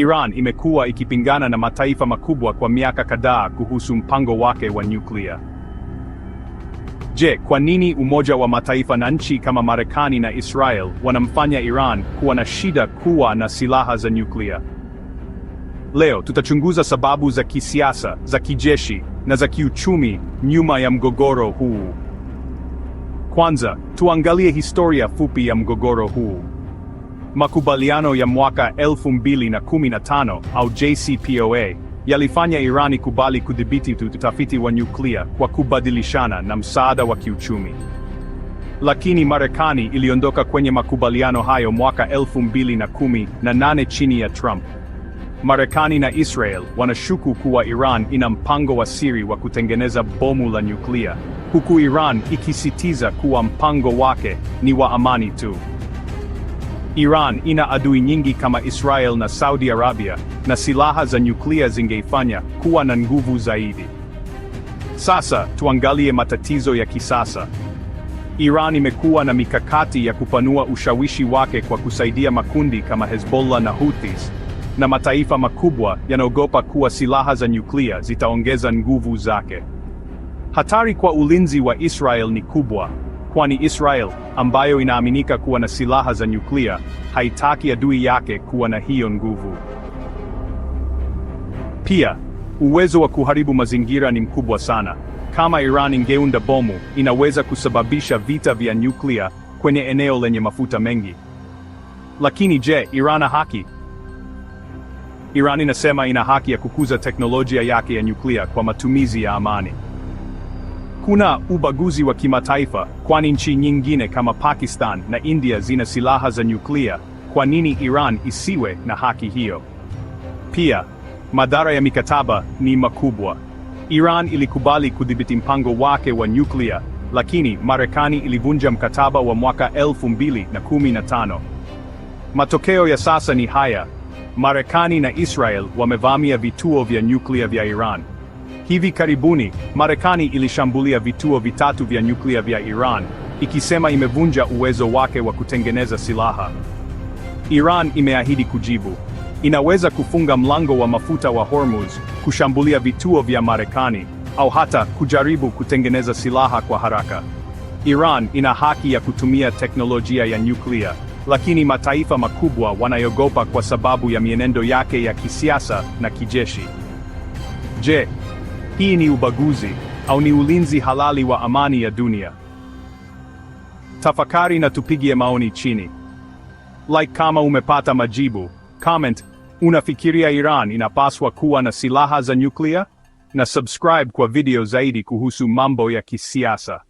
Iran imekuwa ikipingana na mataifa makubwa kwa miaka kadhaa kuhusu mpango wake wa nyuklia. Je, kwa nini Umoja wa Mataifa na nchi kama Marekani na Israel wanamfanya Iran kuwa na shida kuwa na silaha za nyuklia? Leo tutachunguza sababu za kisiasa, za kijeshi na za kiuchumi nyuma ya mgogoro huu. Kwanza, tuangalie historia fupi ya mgogoro huu. Makubaliano ya mwaka 2015 au JCPOA yalifanya Irani kubali kudhibiti utafiti wa nyuklia kwa kubadilishana na msaada wa kiuchumi. Lakini Marekani iliondoka kwenye makubaliano hayo mwaka 2018 chini ya Trump. Marekani na Israel wanashuku kuwa Iran ina mpango wa siri wa kutengeneza bomu la nyuklia, huku Iran ikisitiza kuwa mpango wake ni wa amani tu. Iran ina adui nyingi kama Israel na Saudi Arabia, na silaha za nyuklia zingeifanya kuwa na nguvu zaidi. Sasa tuangalie matatizo ya kisasa. Iran imekuwa na mikakati ya kupanua ushawishi wake kwa kusaidia makundi kama Hezbollah na Houthis, na mataifa makubwa yanaogopa kuwa silaha za nyuklia zitaongeza nguvu zake. Hatari kwa ulinzi wa Israel ni kubwa kwani Israel ambayo inaaminika kuwa na silaha za nyuklia haitaki adui yake kuwa na hiyo nguvu. Pia, uwezo wa kuharibu mazingira ni mkubwa sana. Kama Iran ingeunda bomu, inaweza kusababisha vita vya nyuklia kwenye eneo lenye mafuta mengi. Lakini je, Iran ina haki? Iran inasema ina haki ya kukuza teknolojia yake ya nyuklia kwa matumizi ya amani. Kuna ubaguzi wa kimataifa, kwani nchi nyingine kama Pakistan na India zina silaha za nyuklia. Kwa nini Iran isiwe na haki hiyo? Pia, madhara ya mikataba ni makubwa. Iran ilikubali kudhibiti mpango wake wa nyuklia, lakini Marekani ilivunja mkataba wa mwaka 2015. Matokeo ya sasa ni haya. Marekani na Israel wamevamia vituo vya nyuklia vya Iran. Hivi karibuni, Marekani ilishambulia vituo vitatu vya nyuklia vya Iran, ikisema imevunja uwezo wake wa kutengeneza silaha. Iran imeahidi kujibu. Inaweza kufunga mlango wa mafuta wa Hormuz, kushambulia vituo vya Marekani au hata kujaribu kutengeneza silaha kwa haraka. Iran ina haki ya kutumia teknolojia ya nyuklia, lakini mataifa makubwa wanayogopa kwa sababu ya mienendo yake ya kisiasa na kijeshi. Je, hii ni ubaguzi au ni ulinzi halali wa amani ya dunia? Tafakari na tupigie maoni chini. Like kama umepata majibu. Comment, unafikiria Iran inapaswa kuwa na silaha za nyuklia? Na subscribe kwa video zaidi kuhusu mambo ya kisiasa.